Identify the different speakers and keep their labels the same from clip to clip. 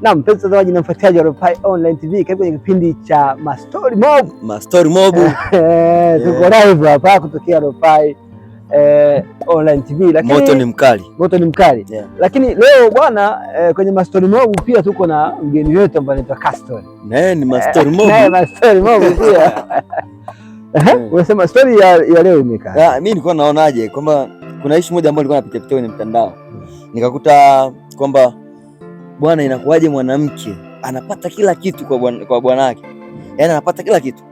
Speaker 1: Na mpenzi mtazamaji na mfuatiaji wa Ropai Online TV, karibu kwenye kipindi cha Mastori Mob.
Speaker 2: Mastori Mob. Eh,
Speaker 1: eh, tuko live hapa kutokea Ropai eh, Online TV.
Speaker 2: Lakini moto ni mkali.
Speaker 1: Moto ni mkali. Yeah. Lakini leo bwana eh, kwenye Mastori Mob pia tuko na mgeni wetu ambaye anaitwa Castor.
Speaker 2: Naye ni Mastori eh, Mob. Naye
Speaker 1: Mastori Mob pia. Unasema story ya, ya leo imekaa.
Speaker 2: Ah, mimi nilikuwa naonaje kwamba kuna issue moja ambayo nilikuwa napitia pitia kwenye mtandao. Hmm. Nikakuta kwamba bwana, inakuwaje mwanamke anapata kila kitu kwa bwana wake, yaani anapata kila kitu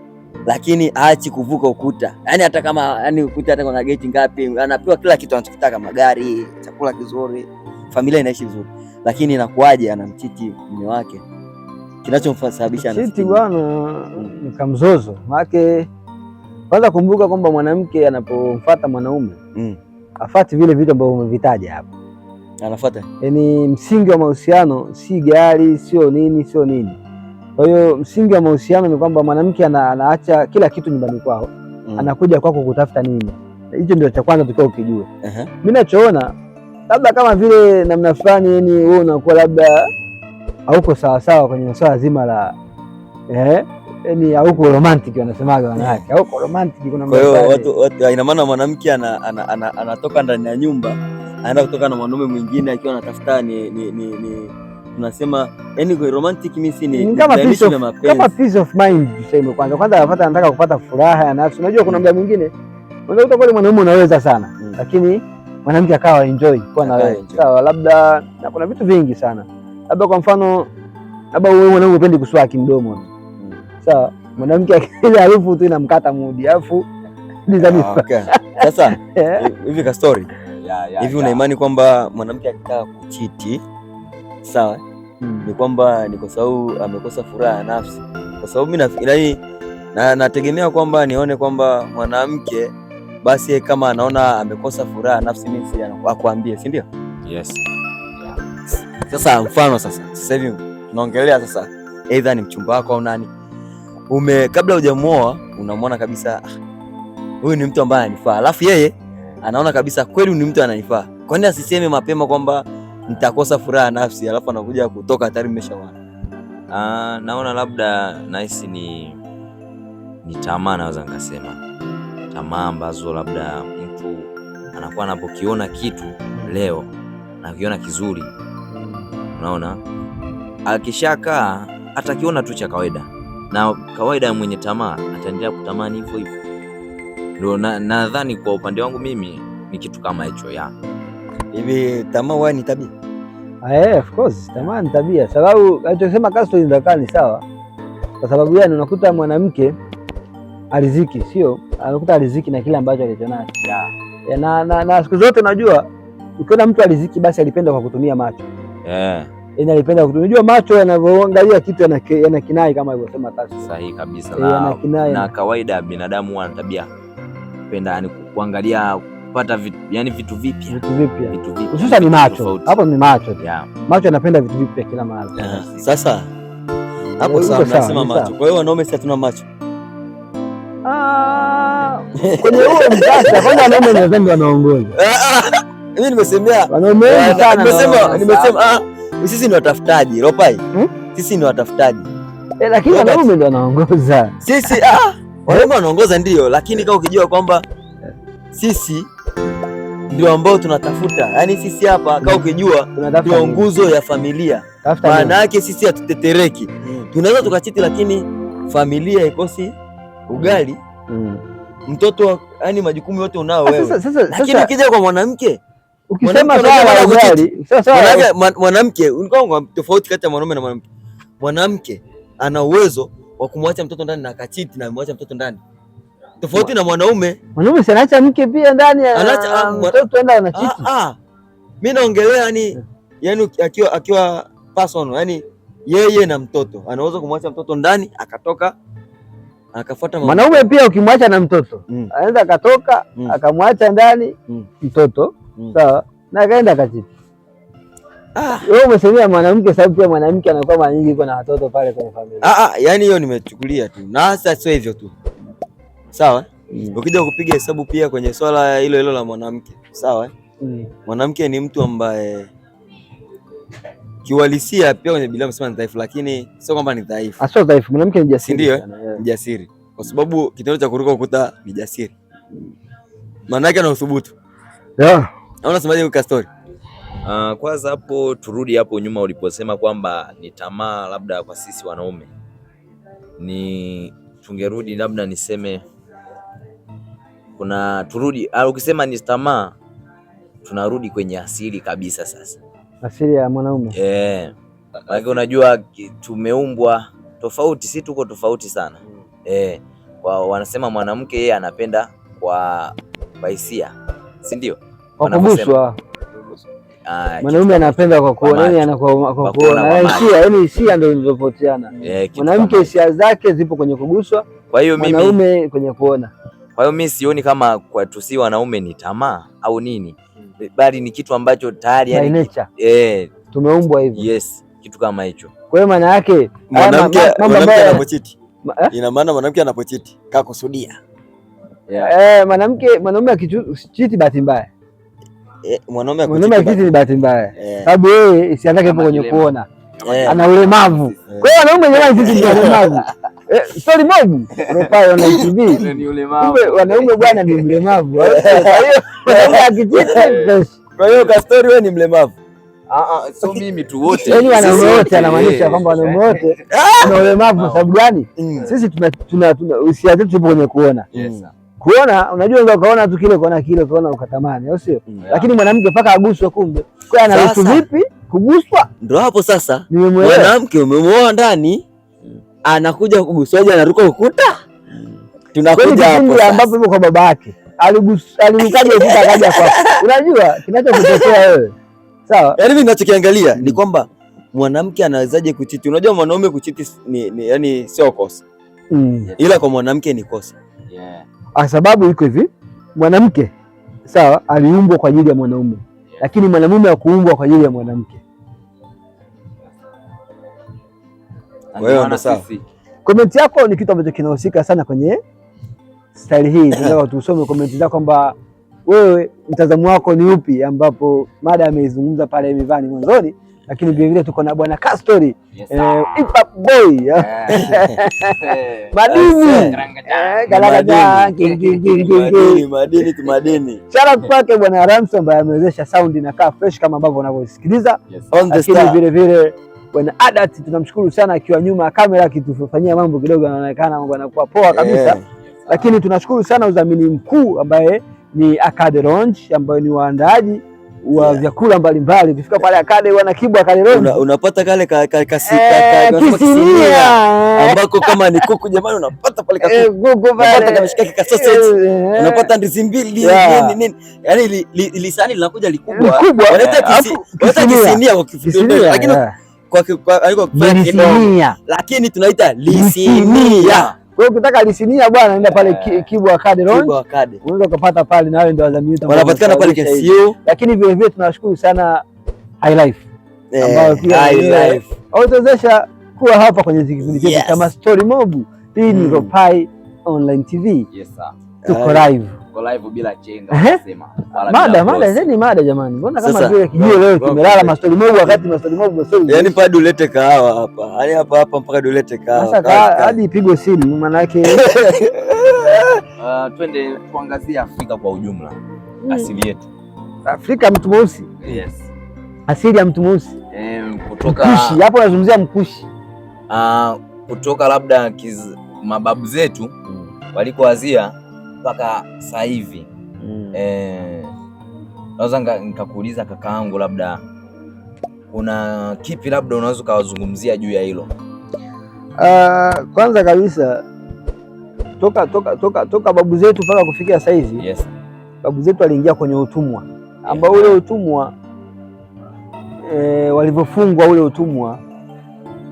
Speaker 2: lakini aachi kuvuka ukuta, yani hata kama yani ukuta hata kuna geti ngapi, anapewa kila kitu anachotaka, magari, chakula kizuri, familia inaishi vizuri, lakini inakuwaje anamchiti mume wake? Kinachomsababisha
Speaker 1: anachiti bwana mm. ni kamzozo wake. Kwanza kumbuka kwamba mwanamke anapomfuata mwanaume mm. afati vile vitu ambavyo umevitaja hapo anafuata. Yaani msingi wa mahusiano si gari, sio nini, sio nini. Kwa hiyo msingi wa mahusiano ni kwamba mwanamke ana, anaacha kila kitu nyumbani kwao mm. anakuja kwako kutafuta nini. Hicho ndio cha kwanza tukao ukijue. uh -huh. Mimi nachoona labda kama vile namna fulani, yani wewe unakuwa labda hauko sawasawa kwenye swala zima la eh, yani hauko romantic, wanasemaga wanawake mm. hauko romantic. Kuna
Speaker 2: kwa hiyo watu, watu ina maana mwanamke anatoka ana, ana, ana, ana ndani ya nyumba anaenda kutoka na mwanaume mwingine akiwa anatafuta ni, ni, ni, ni tunasema yani kwa romantic misi ni
Speaker 1: kama peace of mapenzi, kama of mind tuseme kwanza kwanza, anapata anataka kupata furaha ya nafsi. Unajua kuna mm. mda mwingine unaweza kuta mwanaume unaweza sana mm, lakini mwanamke akawa enjoy kwa na wewe sawa, labda na kuna vitu vingi sana, labda kwa mfano, labda wewe mwanangu upendi kuswaki mdomo mm, sawa, mwanamke akile harufu tu inamkata mudi alafu ni ah,
Speaker 2: sasa eh? hivi ka story hivi una imani kwamba mwanamke akitaka kuchiti sawa, hmm. ni kwamba ni kwa sababu amekosa furaha ya nafsi? Kwa sababu mimi nafikiri yaani, na nategemea kwamba nione kwamba mwanamke basi kama anaona amekosa furaha nafsi, mimi akuambie, si ndio?
Speaker 1: Yes. Yeah.
Speaker 2: Sasa mfano sasa, sasa hivi tunaongelea sasa, aidha ni mchumba wako au nani, ume kabla hujamuoa unamwona kabisa ah, huyu ni mtu ambaye anifaa, alafu yeye anaona kabisa kweli ni mtu ananifaa. nini asiseme mapema kwamba nitakosa furaha nafsi, alafu anakuja kutoka hatari mmeshawana. Ah, naona labda nahisi ni ni tamaa, naweza nikasema tamaa ambazo labda mtu anakuwa anapokiona kitu leo nakiona kizuri, unaona, akishakaa atakiona tu cha kawaida, na kawaida mwenye tamaa ataendelea kutamani hivyo hivyo. Ndio nadhani na kwa upande wangu mimi ni kitu kama hicho ya.
Speaker 1: Hivi tamaa wewe ni tabia? Eh, of course, tamaa ni tabia. Sababu alichosema Castro inaweza ni sawa. Kwa sababu yani unakuta mwanamke aliziki sio, anakuta aliziki na kile ambacho alichonacho. Yeah. Na, na, na siku zote unajua ukiona mtu aliziki basi alipenda kwa kutumia macho. Eh. Yeah. Yaani alipenda kutumia. Unajua macho yanavyoangalia kitu yana, yana kinai kama alivyosema Castro.
Speaker 2: Sahihi kabisa. E, na, na kawaida binadamu wana tabia kupenda yani kuangalia kupata vitu, yani vitu vipya vitu
Speaker 1: vipya vitu vipya hususan ni macho hapo, ni macho yeah. Macho anapenda vitu vipya kila mara
Speaker 2: yeah. Sasa hapo sawa, nasema macho. Kwa hiyo wanaume sasa tuna macho
Speaker 1: ah, kwenye huo mkasa. Kwanza wanaume ni wazembe, wanaongoza.
Speaker 2: Ah, ah. Mimi nimesemea
Speaker 1: wanaume wengi
Speaker 2: sana, nimesema nimesema ah sisi ni watafutaji Ropai, hmm? sisi ni watafutaji,
Speaker 1: eh, lakini wanaume ndio wanaongoza
Speaker 2: sisi ah Warembo wanaongoza ndio, lakini kama ukijua kwamba sisi ndio ambao tunatafuta, yaani sisi hapa kama mm. ukijua ndio nguzo ya familia, maana yake sisi hatutetereki mm. tunaweza tukachiti, lakini familia ikosi ugali mm. mtoto, yaani majukumu yote unao ah, wewe, lakini ukija kwa mwanamke mwanamke tofauti kati ya mwanaume na mwanamke, mwanamke ana uwezo wa kumwacha mtoto ndani na akachiti na amemwacha mtoto ndani, tofauti na mwanaume.
Speaker 1: Mwanaume si anaacha mke pia ndani,
Speaker 2: anaacha ah, mtoto enda anachiti. Ah, Mimi ah. naongelea yani, yani akiwa akiwa personal, yani yeye na mtoto anaweza kumwacha mtoto ndani akatoka akafuata
Speaker 1: mwanaume pia. Ukimwacha na mtoto mm. anaweza akatoka mm. akamwacha ndani mm. mtoto mm. sawa, na akaenda akachiti Ah. Wewe umesemea mwanamke sababu pia mwanamke anakuwa mara nyingi yuko na watoto pale kwenye familia.
Speaker 2: Ah, ah, yani hiyo nimechukulia tu. Na sasa sio hivyo tu. Sawa? Mm. Ukija kupiga hesabu pia kwenye swala hilo hilo la mwanamke. Sawa? Mm. Mwanamke ni mtu ambaye kiwalisia pia kwenye Biblia msema ni dhaifu, lakini sio kwamba ni dhaifu.
Speaker 1: Ah, sio dhaifu, mwanamke ni jasiri. Ndio,
Speaker 2: ni Jasiri. Kwa sababu kitendo cha kuruka ukuta ni jasiri. Maana yake ana uthubutu. Yeah. Au unasemaje kwa story? Uh, kwanza hapo turudi hapo nyuma uliposema kwamba ni tamaa labda kwa sisi wanaume, ni tungerudi labda niseme kuna turudi au ah, ukisema ni tamaa, tunarudi kwenye asili kabisa. Sasa
Speaker 1: asili ya mwanaume
Speaker 2: eh, lakini unajua tumeumbwa tofauti, si tuko tofauti sana eh, kwa wanasema mwanamke yeye anapenda kwa hisia, si ndio?
Speaker 1: Uh, mwanaume anapenda kwa kuona anakuwa kwa kuona eh, hisia, yani, hisia ndio zilizopoteana. Eh, mwanamke hisia zake zipo kwenye kuguswa, kwa hiyo mimi mwanaume kwenye kuona.
Speaker 2: Kwa hiyo mimi sioni kama kwa tusi wanaume ni tamaa au nini, hmm. bali ni kitu ambacho tayari yani eh,
Speaker 1: tumeumbwa hivyo.
Speaker 2: Yes, kitu kama hicho.
Speaker 1: Kwa hiyo maana yake
Speaker 2: mwanamke anapochiti, eh? ina maana mwanamke anapochiti kakusudia,
Speaker 1: eh, mwanamke mwanaume akichiti bahati mbaya Eh, mwanaume akiti ni bahati mbaya, eh. sababu wewe hisia zake kwenye kuona, eh. ana ulemavu. Kwa hiyo wanaume jamani, sisi ni walemavu. Story moja umepaa na TV, wanaume bwana ni mlemavu. Kwa hiyo ka story, wewe ni mlemavu
Speaker 2: ah, ah, So mimi tu wote, yaani
Speaker 1: wanaume wote, anamaanisha kwamba wanaume wote ana ah! ulemavu. Sababu gani? Mm. Sisi tuna hisia zetu zipo kwenye kuona kuona unajua, ndio ukaona tu kile, kaona kile, kaona ukatamani, au sio? Mm, yeah. Lakini mwanamke mpaka aguswe, kumbe kwa ana anaruhusu vipi kuguswa?
Speaker 2: Ndio hapo sasa mwanamke umemwoa ndani, mm. anakuja kuguswaje? Anaruka ukuta,
Speaker 1: mm. tunakuja hapo ambapo yuko kwa baba yake alirukaje ukuta akaja kwa Unajua kinachokutokea wewe,
Speaker 2: sawa? Yaani mimi ninachokiangalia ni kwamba mwanamke anawezaje kuchiti? Unajua mwanaume kuchiti ni, ni, yani sio kosa mm. Ila kwa mwanamke ni kosa
Speaker 1: yeah kwa sababu iko hivi, mwanamke sawa, aliumbwa kwa ajili ya mwanaume, lakini mwanamume hakuumbwa kwa ajili ya mwanamke. Komenti yako ni kitu ambacho kinahusika sana kwenye staili hii. Tunataka tusome komenti zako kwamba wewe mtazamo wako ni upi, ambapo mada ameizungumza pale Mivani mwanzoni lakini vilevile tuko na bwana Castori hip eh, hop boy madini
Speaker 2: madini tu madini,
Speaker 1: shout out kwake bwana Ramso ambaye amewezesha sound inakaa fresh kama ambavyo unavyosikiliza, lakini vilevile bwana Adat tunamshukuru sana, akiwa nyuma ya kamera akitufanyia mambo kidogo, anaonekana mambo yanakuwa poa kabisa, eh. lakini tunashukuru sana udhamini mkuu ambaye ni Arcade Lounge ambayo ni waandaaji wa yeah. vyakula mbalimbali ukifika pale akade wana kibwa kale
Speaker 2: una, unapata kale ka, ka, ka, ambako kama ni kuku jamani, unapata pale ka kuku pale unapata kama shikaki ka sausage unapata ndizi mbili nini nini, yani lisani linakuja likubwa, wanaita kisi, kisinia kwa kifupi, lakini kwa kwa kwa lakini tunaita lisinia
Speaker 1: kwa hiyo ukitaka lisinia bwana, nenda pale yeah. Kibwa Caderon unaweza ukapata pale, na wale ndio wadhamini wetu,
Speaker 2: wanapatikana pale KCU.
Speaker 1: Lakini vile vile tunawashukuru sana High Life
Speaker 2: eh, ambao pia High Life
Speaker 1: wawezesha kuwa hapa kwenye kipindi chetu yes, kama Story Mob. Hii ni mm. Ropai Online TV. Yes sir tuko live
Speaker 2: Tuko live bila chenga
Speaker 1: mada mada zeni mada jamani, mbona kama vile kijio leo kimelala mastori mogu, wakati mastori mogu sio?
Speaker 2: Yaani pa dulete kahawa hapa hadi yaani hapa hapa mpaka dulete kahawa
Speaker 1: sasa, hadi ipigwe simu maana yake.
Speaker 2: Uh, twende kuangazia Afrika kwa ujumla hmm. asili yetu
Speaker 1: Afrika, mtu mweusi yes. asili ya mtu mweusi
Speaker 2: Eh, kutoka... Mkushi
Speaker 1: hapo nazungumzia Mkushi
Speaker 2: Ah, kutoka labda kiz... mababu zetu mm. walikoanzia mpaka sasa hivi mm. Eh, naweza nikakuuliza yangu, labda kuna kipi labda unaweza ukawazungumzia juu ya hilo?
Speaker 1: Uh, kwanza kabisa toka toka toka toka babu zetu mpaka kufikia sasa hivi yes. Babu zetu waliingia kwenye utumwa ambao Ule utumwa e, walivyofungwa ule utumwa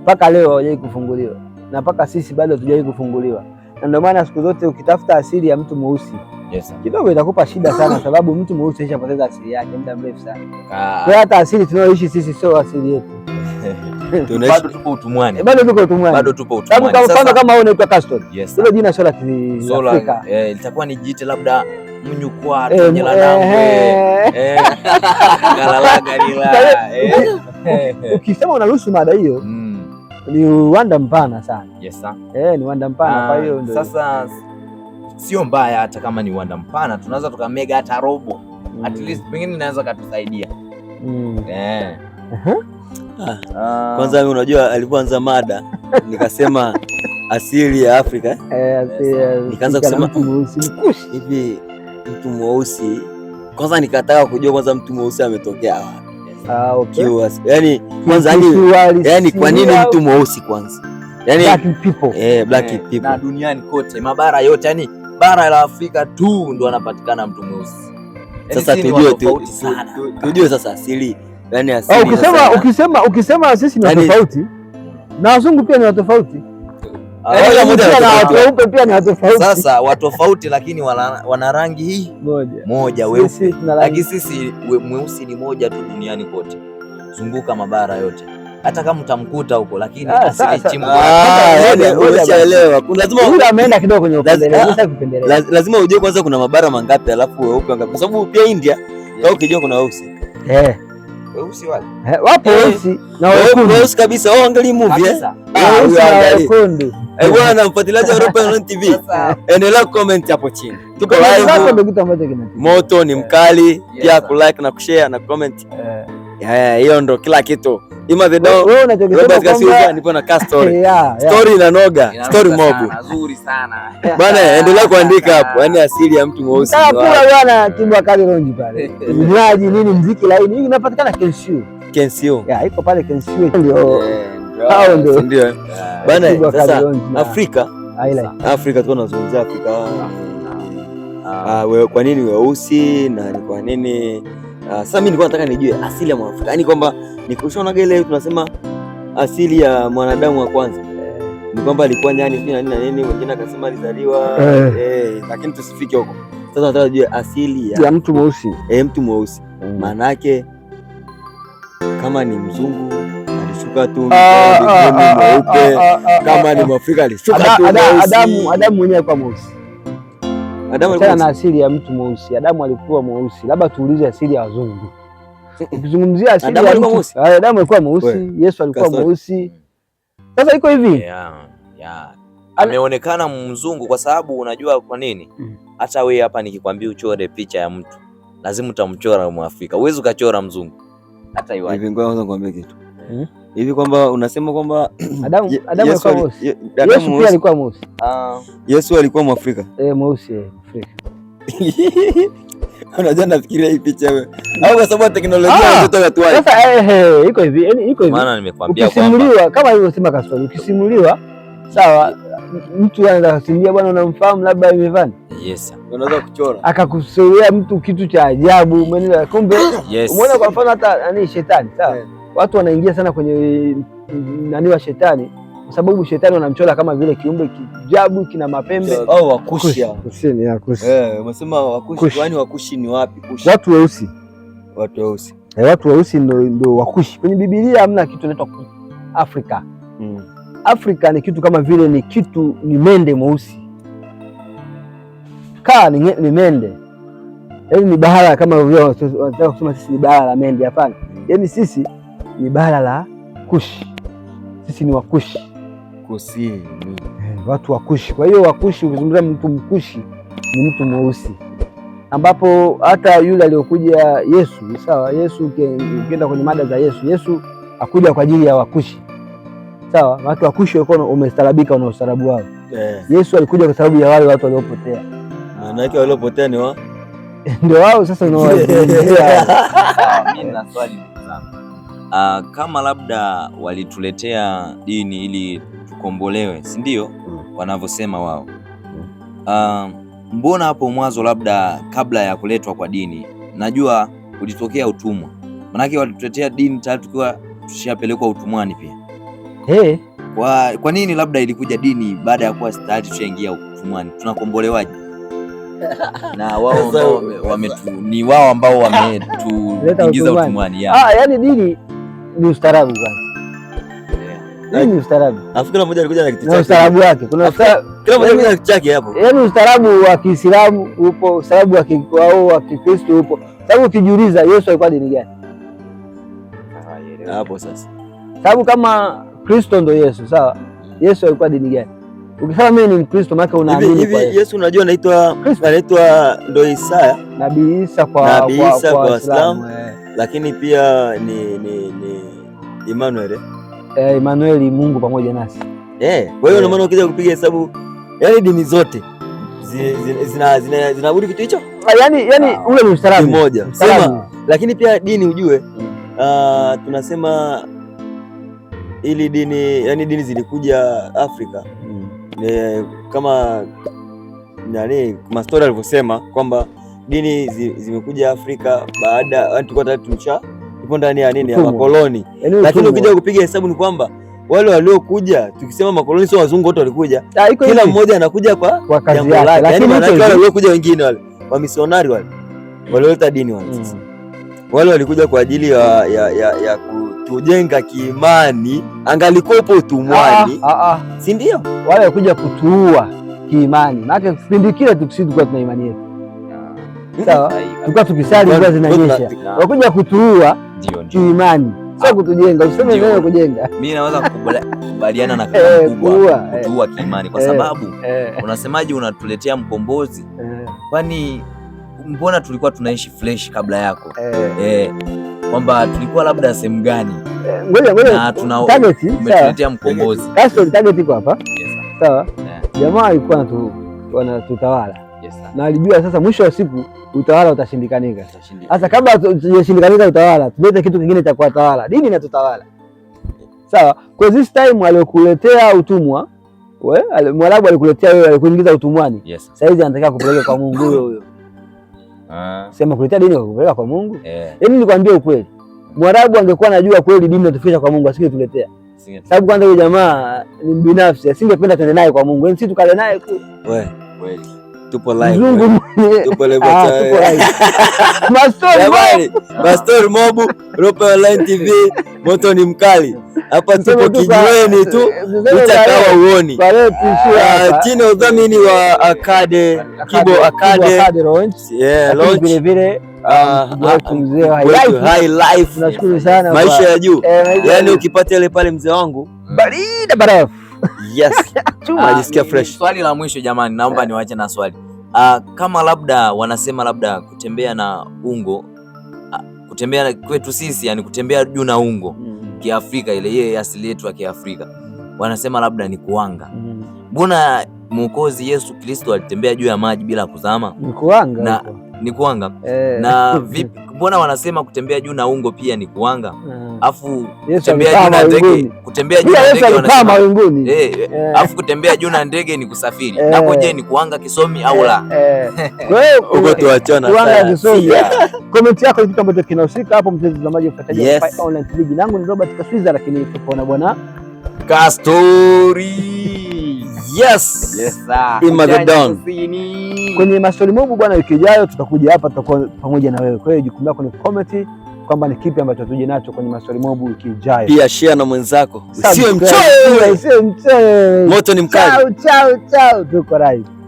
Speaker 1: mpaka leo hawajawahi kufunguliwa na mpaka sisi bado hatujawahi kufunguliwa na ndio maana siku zote ukitafuta asili ya mtu mweusi yes, kidogo itakupa shida sana, sababu mtu mweusi ashapoteza asili yake muda mrefu sana. Ah. Kwa hata asili tunayoishi sisi sio asili yetu
Speaker 2: bado tupo utumwani,
Speaker 1: bado tuko utumwani, tupo utumwani. Kwa mfano kama wewe unaitwa Caston, Ile jina sio la Kiafrika,
Speaker 2: eh, litakuwa ni jite labda Mnyukwata,
Speaker 1: ukisema unaruhusu mada hiyo mm ni uwanda mpana sana. Yes, eh, ni uwanda mpana kwa ah, hiyo ndio.
Speaker 2: Sasa sio mbaya hata kama ni uwanda mpana, tunaweza tukamega hata robo. Mm. At least pengine inaweza katusaidia. Mm. Eh. Uh ah, -huh. Ah, kwanza mimi unajua alipoanza mada nikasema asili ya Afrika eh, eh nikaanza kusema hivi mtu mweusi kwanza, nikataka kujua kwanza mtu mweusi ametokea wapi Ah, eh? yani kwanza, yani kwa nini mtu mweusi kwanza,
Speaker 1: yani black people
Speaker 2: eh, black eh, people na duniani kote, mabara yote, yani bara la Afrika tu ndo anapatikana mtu mweusi. Sasa tujue tu, tujue sasa asili yani, oh, asili.
Speaker 1: ukisema ukisema ukisema sisi ni tofauti na wazungu pia ni tofauti Yaani yaani weupe pia ni
Speaker 2: Sasa watofauti, lakini wana, wana rangi hii moja, moja weupe, lakini sisi mweusi ni moja tu duniani kote, zunguka mabara yote hata kama utamkuta huko lakini ameenda kidogo ah, lazima ujue kwanza kuna mabara mangapi, alafu weupe kwa sababu pia India ukijua kuna weusi eh weusi wale
Speaker 1: wapo eh, weusi na
Speaker 2: weusi kabisa, wao angalia movie eh,
Speaker 1: ah, wekundu
Speaker 2: eh bwana. Mfuatiliaji wa Ropai TV, endelea comment hapo chini, tuko live. Moto ni mkali, pia ku like na kushare na comment. Eh. Eh, hiyo ndo kila kitu. Ima the dog. Wewe unachokisema kwa sababu nipo na story. Story inanoga, story mob. Nzuri sana. Bana endelea kuandika hapo. asili ya mtu mweusi.
Speaker 1: kula bwana Kali pale. nini mziki laini. Hii inapatikana
Speaker 2: Yeah,
Speaker 1: iko pale eh, Ndio.
Speaker 2: Hao ndio. Ndio. Bana sasa Afrika. Afrika Afrika. Ah, kwa nini weusi na kwa nini Uh, sasa mimi nilikuwa nataka nijue asili ya Mwafrika, yaani kwamba nikushonaga ile tunasema asili ya mwanadamu wa kwanza eh, ni kwamba alikuwa nyani sio nani na nini, wengine akasema alizaliwa eh. Eh, lakini tusifike huko. Sasa nataka nijue asili ya,
Speaker 1: ya mtu mweusi
Speaker 2: eh, mtu mweusi mm. maana yake kama ni mzungu alishuka tu ah, ah, mweupe, kama ni Mwafrika alishuka tu
Speaker 1: Adamu mwenyewe kwa mweusi Achana na asili ya mtu mweusi. Adamu alikuwa mweusi, labda tuulize asili ya wazungu. Ukizungumzia asili ya mweusi. Eh, Adamu alikuwa mweusi, Yesu alikuwa mweusi. Sasa iko hivi
Speaker 2: yeah, yeah. Ameonekana mzungu kwa sababu unajua kwa nini? Mm. Hata wewe hapa nikikwambia uchore picha ya mtu lazima utamchora Mwafrika, huwezi ukachora mzungu hata iwaje.
Speaker 1: Ngoja kwanza nikwambie kitu
Speaker 2: Mm hivi kwamba unasema kwamba
Speaker 1: Adamu, Adamu Yesu alikuwa mweusi. Yesu pia alikuwa mweusi.
Speaker 2: Ah, Yesu alikuwa Mwafrika.
Speaker 1: Eh, mweusi eh, Afrika.
Speaker 2: Unajua nafikiria hii picha wewe. Au kwa sababu teknolojia ah!
Speaker 1: inatoka tu wapi? Sasa eh, eh, iko hivi, yani iko hivi. Maana nimekwambia kwamba ukisimuliwa kama hivyo sema kasoro, ukisimuliwa sawa, mtu anaanza kusimulia bwana, unamfahamu labda imevani.
Speaker 2: Yes. Unaweza kuchora.
Speaker 1: Akakusulia mtu kitu cha ajabu, umeona Kumbe umeona kwa mfano hata yani shetani, sawa? Eh watu wanaingia sana kwenye nani wa shetani kwa sababu shetani wanamchora kama vile kiumbe kijabu kina mapembe
Speaker 2: au wakushi. Kushi
Speaker 1: ni wakushi. Eh, Umesema wakushi, kwani wakushi ni wapi? Kushi watu weusi, watu weusi e, watu weusi ndio ndio wakushi. Kwenye Biblia hamna kitu inaitwa Afrika. Mm. Afrika ni kitu kama vile ni kitu ni mende mweusi, Ka ni, ni mende yaani ni bahara kama vile wanataka kusema sisi ni bahara la mende. Hapana, hmm. yaani sisi ni bara la Kushi. Sisi ni Wakushi, Kusi, eh, watu Wakushi. Kwa hiyo Wakushi, ukizungumza mtu mkushi ni mtu mweusi, ambapo hata yule aliyokuja Yesu, sawa. Yesu, ukienda kwenye mada za Yesu, Yesu akuja kwa ajili ya Wakushi, sawa. Watu Wakushi walikuwa umestarabika, wana ustaarabu wao. Eh. Yesu alikuja kwa sababu ya wale watu waliopotea,
Speaker 2: maana yake waliopotea ni wao
Speaker 1: ndio wao sasa unawaelezea.
Speaker 2: Mimi na swali uh, kama labda walituletea dini ili tukombolewe, si ndio? mm. wanavyosema wao mm. uh, mbona hapo mwanzo, labda kabla ya kuletwa kwa dini, najua ulitokea utumwa, manake walituletea dini tayari tukiwa tushapelekwa utumwani pia. hey. Kwa, kwa nini labda ilikuja dini baada ya kuwa tayari tushaingia utumwani? Tunakombolewaje? na wao ambao ni wao ambao wametuingiza utumwani.
Speaker 1: Ah, yani dini ni ustaarabu eh, ni ustaarabu.
Speaker 2: Afu kila mmoja alikuja na kitu chake.
Speaker 1: Na ustaarabu wake.
Speaker 2: Kuna kila mmoja alikuja na kitu chake hapo.
Speaker 1: Yaani ustaarabu wa Kiislamu upo, ustaarabu wa kikwao wa Kikristo upo. Sababu ukijiuliza Yesu alikuwa dini gani? Hapo sasa. Sababu kama Kristo ndo Yesu, sawa? Mm. Yesu alikuwa dini gani? Ukisema mimi ni Mkristo maana unaamini
Speaker 2: kwa hivi Yesu unajua anaitwa anaitwa ndo Isaya.
Speaker 1: Nabii Isa kwa
Speaker 2: Nabii Isa kwa Waislamu. Eh. Lakini pia ni ni Emmanuel. Eh?
Speaker 1: eh, Emmanuel Mungu pamoja nasi.
Speaker 2: Eh, kwa hiyo eh. ndio maana ukija kupiga hesabu yani dini zote zina zinaabudu kitu hicho.
Speaker 1: Ah, yaani yaani ah, ule ni ustaarabu
Speaker 2: mmoja. Sema lakini pia dini ujue uh, tunasema ili dini yani dini zilikuja Afrika mm. Ne, eh, kama nani Mastori alivyosema kwamba dini zi, zimekuja Afrika baada yaani tulikuwa tayari tumsha ipo ndani ya nini ya makoloni, yaani lakini ukija kupiga hesabu ni kwamba wale waliokuja, tukisema makoloni sio wazungu wote walikuja, ah, kila mmoja anakuja kwa jambo lake. Yaani lakini wale waliokuja wengine wale wa misionari wale walioleta dini wale sasa hmm. wale walikuja kwa ajili ya, ya, ya, ya kutujenga kiimani, angalikopo utumwani, ah, ah, si ndio?
Speaker 1: Wale walikuja kutuua kiimani, maana kipindi kile tukusi tulikuwa tuna imani yetu sawa, tulikuwa tukisali zina nyesha, wakuja kutuua ndio ndio imani sio ah, kutujenga, useme neno kujenga.
Speaker 2: Mimi naweza kukubaliana na kaka eh, mkubwa kiimani, kwa eh, sababu eh. unasemaje, unatuletea mkombozi, kwani mbona tulikuwa tunaishi fresh kabla yako eh, kwamba tulikuwa labda sehemu gani? Ngoja ngoja, umetuletea mkombozi.
Speaker 1: Target iko hapa, sawa. Jamaa alikuwa anatutawala na alijua sasa mwisho wa siku utawala utashindikanika. Sasa kabla hujashindikanika utawala, tulete kitu kingine cha kuwatawala, dini inatutawala. Sawa, kwa this time aliokuletea utumwa wewe, Mwarabu alikuletea wewe, alikuingiza utumwani. Yes. Sasa hizi anataka kupeleka kwa Mungu huyo huyo. Ah. Sema kuletea dini kupeleka kwa Mungu. Eh. Yaani yeah. Nikwambie ukweli. Mwarabu angekuwa anajua kweli dini inatufikisha kwa Mungu asingetuletea. Sababu kwanza huyo jamaa ni binafsi, asingependa tuende naye kwa Mungu. Yaani sisi tukale naye kweli.
Speaker 2: Kweli. Tupo live. Eh. Tupo live. Ah, Pastor Mobu, Rope Online TV, moto ni mkali hapa, tupo kijiweni tu utakawa uoni chini ya udhamini wa Akade Kibo Akade
Speaker 1: vilevile ah, um,
Speaker 2: ah, high life, eh, maisha ya yaani juu, yaani ukipata ile pale mzee wangu
Speaker 1: barida barafu
Speaker 2: Yes. Ah, fresh. Swali la mwisho jamani, naomba yeah, niwache na swali uh, kama labda wanasema labda kutembea na ungo uh, kutembea kwetu sisi yani kutembea juu na ungo mm -hmm. Kiafrika ile yeye asili yetu ya Kiafrika wanasema labda ni kuanga mm. mbona mm -hmm. Mwokozi Yesu Kristo alitembea juu ya maji bila kuzama?
Speaker 1: Ni kuanga
Speaker 2: na ni kuanga eh. Na vipi, mbona wanasema kutembea juu na ungo pia ni kuanga ah. afu kutembea juu na ndege,
Speaker 1: kutembea juu na ndege wanasema mbinguni
Speaker 2: eh, eh. eh, afu kutembea juu na ndege ni kusafiri eh. Nako je, ni kuanga kisomi au la? Eh, Kwa hiyo uko tuachana
Speaker 1: kuanga kisomi. Comment yako ni kitu ambacho kinahusika hapo, mtazamaji ukataja yes. Pi Online TV, jina langu ni Robert Kaswiza, lakini tupo na bwana
Speaker 2: Kastori Yes. Yes,
Speaker 1: kwenye maswali mobu bwana, wiki ijayo tutakuja hapa, tutakuwa pamoja na wewe. Kwa hiyo jukumu lako ni comment kwamba ni kipi ambacho tuje nacho kwenye maswali mobu wiki ijayo.
Speaker 2: Pia share na mwenzako, usiwe mchoyo, usiwe mchoyo, moto ni mkali.
Speaker 1: Chao chao chao, tuko live.